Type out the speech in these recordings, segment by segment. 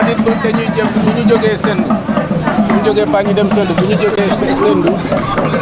ndax nit bu dañuy jëm bu ñu jógee Sendou bu ñu jógee Bargny dem Sendou bu ñu jógee Sendou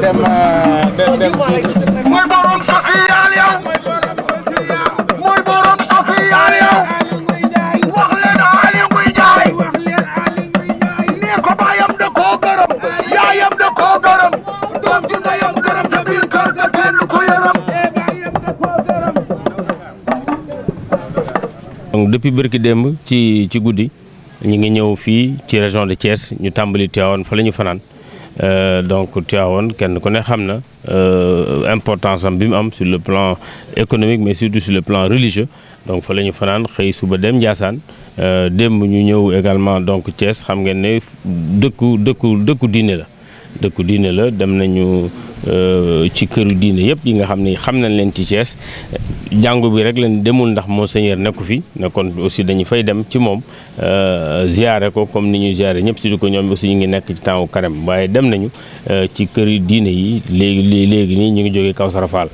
dem euh, dem dem. mooy borom social yow mooy borom social yow. donc depuis bërki démb ci guddi ñu ngi ñëw fii ci région de Thiès ñu tàmbali Tivaouane fa la ñu fanaan euh, donc Tivaouane kenn ko ne xam na euh, importance am bi mu am sur le plan économique mais surtout sur le plan religieux donc fa la ñu fanaan xëy suba dem Ndiassane euh, démb ñu ñëw également donc cees xam ngeen ne dëkku dëkku dëkku diine la dëkku diine la dem nañu. Euh, ci këru diine yëpp yi nga xam ne xam nañ leen ci Thiès jàngu bi rek lañ demul ndax moo nekku fi fii kon aussi dañu fay dem ci moom euh, ziare ko comme ni ñuy ziare ñëpp surtout ko ñoom aussi ñu ngi nekk ci temps carême waaye dem nañu euh, ci kër këru diine yi léegi léegi nii ñu ngi jógee kaw Fall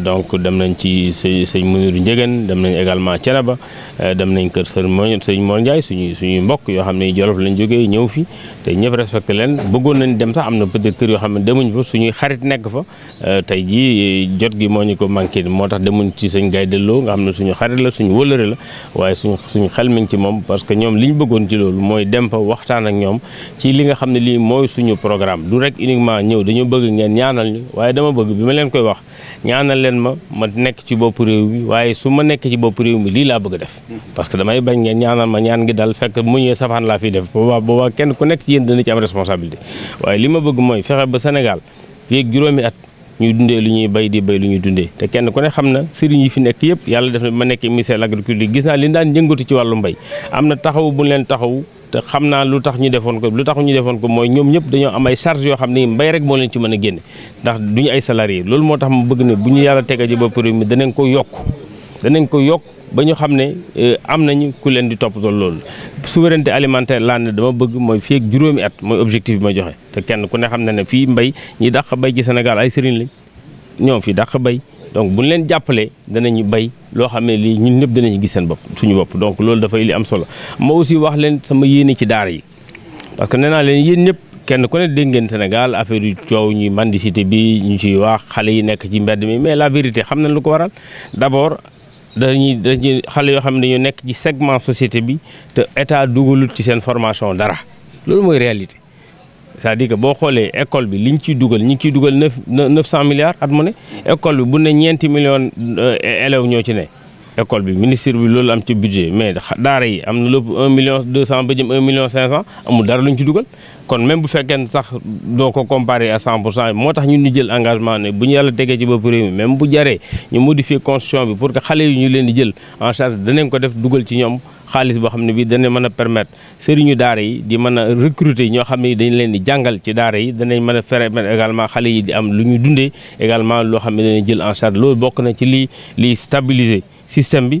donc dem nañ ci sëñ sëñ Muniru Njëgeen dem nañ également Thiénaba dem nañ kër sëñ Mor sëñ Mor Ndiaye suñuy suñuy mbokk yoo xam ne Jolof lañ jógee ñëw fi te ñëpp respecté leen bëggoon nañ dem sax am na peut kër yoo xam ne demuñ fa suñuy xarit xarit nekk fa euh, tey jii jot gi moo ñu ko manqué moo tax uñ ci sëñ Gaye Dello nga xam ne suñu xarit la suñu wëlëre la waaye suñu suñu xel mi ngi ci moom parce que ñoom li ñu bëggoon ci loolu mooy dem fa waxtaan ak ñoom ci li nga xam ne lii mooy suñu programme du rek uniquement ñëw dañoo bëgg ngeen ñaanal ñu waaye dama bëgg bi ma leen koy wax ñaanal leen ma ma nekk ci bopp réew mi waaye su ma nekk ci bopp réew mi lii laa bëgg def parce que damay bañ ngeen ñaanal ma ñaan ngi dal fekk mu ñëwee safaan laa fiy def boobaa boobaa kenn ku nekk ci yéen dana ci am responsabilité waaye fii ak juróomi at ñuy dundee lu ñuy bay di bay lu ñuy dundee te kenn ku ne xam na sëriñ yi fi nekk yëpp yàlla def na ma nekkee ministère de l'agriculture gis naa li daan yëngatu ci wàllu mbay am na taxaw bu leen taxaw te xam naa lu tax ñu defoon ko lu tax ñu defoon ko mooy ñoom ñëpp dañoo am ay charge yoo xam ne mbay rek moo leen ci mën a génne ndax duñu ay salarié loolu moo tax ma bëgg ne bu ñu yàlla tega ji ba prix mi danañ ko yokk danañ ko yokk ba ñu xam ne eh, am nañu ku leen di topp toppatoo loolu souveraineté alimentaire laa ne dama bëgg mooy fii juróomi at mooy objectif bi ma joxe te kenn ku ne xam na ne fii mbay ñi dax bay ci Sénégal ay sëriñ lañ ñoo fii dax bay donc bu ñu leen jàppalee danañu bay loo xam ne lii ñun ñëpp danañu gis seen bopp suñu bopp donc loolu dafay li am solo ma aussi wax leen sama yéene ci daara yi parce que nee naa leen yéen ñëpp kenn ku ne dégg ngeen Sénégal affaire yu coow ñuy mendicité bi ñu ciy wax xale yi nekk ci mbedd mi mais la vérité xam nañ lu ko waral d'abord dañuy dañuy xale yoo xam ne dañoo nekk ci segment société bi te état dugalut ci seen formation dara loolu mooy réalité c'est-à-dire que boo xoolee école bi ñu ciy dugal ñi ngi ciy dugal neuf neuf cent milliards at mu ne école bi bu ne ñeenti million euh, élèves ñoo ci ne école bi ministre bi loolu am ci budget mais daara yi am na lépp un million deux cent ba jëm un million cinq cent amul dara ñu ci dugal kon même bu fekkee sax doo ko comparer à 100 pour cent moo tax ñun ñu jël engagement ne bu ñu yàlla tegee ci bopp réew mi bu jaree ñu modifier constitution bi pour que xale yi ñu leen di jël en charge danañ ko def dugal ci ñoom xaalis boo xam ne bii dana mën a permettre sëriñu daara yi di mën a recruter ñoo xam ne dañ leen di jàngal ci daara yi danañ mën a permettre également xale yi di am lu ñuy dundee également loo xam ne danañ jël en charge loolu bokk na ci lii liy stabiliser bi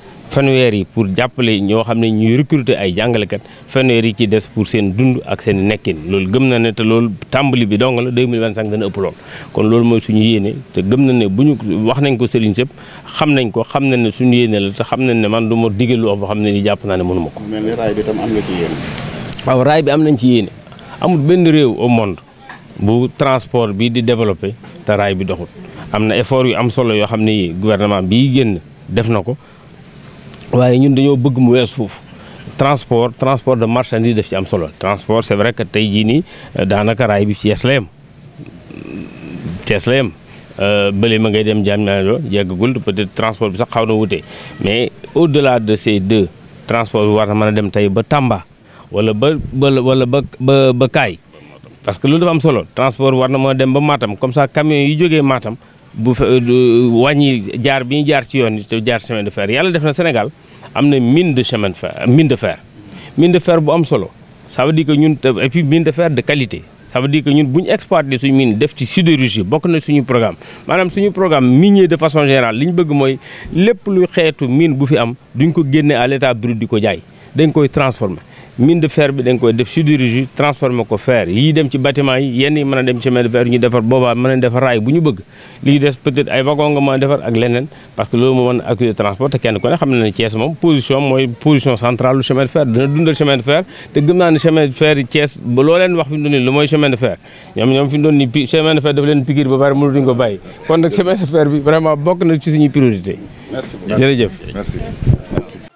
fanweer yi pour jàppale ñoo xam ne ñuy recruter ay jàngalekat fanweer yi ci des pour seen dund ak seen nekkin loolu gëm na ne te loolu tàmbali bi dong la 2025 dana ëpp lool. kon loolu mooy suñu yéene te gëm na ne bu ñu wax nañ ko sëriñ sëpp xam nañ ko xam nañ ne suñu yéenee la te xam nañ ne man du ma digal lu wax boo xam ne ni jàpp naa ne mënu ma ko. mel ni raay bi tam am nga ci yéene. waaw nañ ci yéene amul benn réew au monde bu transport bi di développé te raay bi doxul am na effort yu am solo yoo xam ne gouvernement bii génn def na ko. waaye ñun dañoo bëgg mu wees foofu transport transport de marchandise def ci am solo transport c'est vrai que tey jii nii euh, daanaka raay bi Thiès la yem Thiès la yem euh, bële ma ngay dem Diamniadio yeggagul peut-être transport bi sax xaw na wute mais au-delà de ces deux transport bi war na mën a dem tey ba Tamba wala ba wala ba ba ba Kaay parce que loolu dafa am solo transport war na mën a dem ba maatam comme ça camion yi jógee maatam bu fe euh, wàññi jaar bi ñu jaar ci yoon te jaar chemin de fer yàlla def na Sénégal am na mine de semaine fer euh, mine de fer mine de fer bu am solo ça veut dire ñun et puis mine de fer de qualité ça veut que ñun bu ñu exploité suñu mine def ci sidérurgie bokk na suñu programme maanaam suñu programme minier de façon générale li bëgg mooy lépp lu xeetu mine bu fi am duñ ko génne à l'état brut di ko jaay dañ koy transformer mine de fer bi da koy def suddérigu transformé ko fer yii dem ci bâtiment yenn yi mën a dem ci chemin de fer ñu defar boobaa mën a defar raay bu ñu bëgg li des peut-être ay wagon nga mën defar ak leneen parce que loolu moo mën a accueillir transport te kenn ku ne mooy position de fer dina dundal chemin de fer te gëm naa ne de fer yi Thiès wax fi mu lu mooy chemin de fer ñoom ñoom fi mu doon de fer dafa leen piquer ba pare mënatuñ ko bàyyi kon nag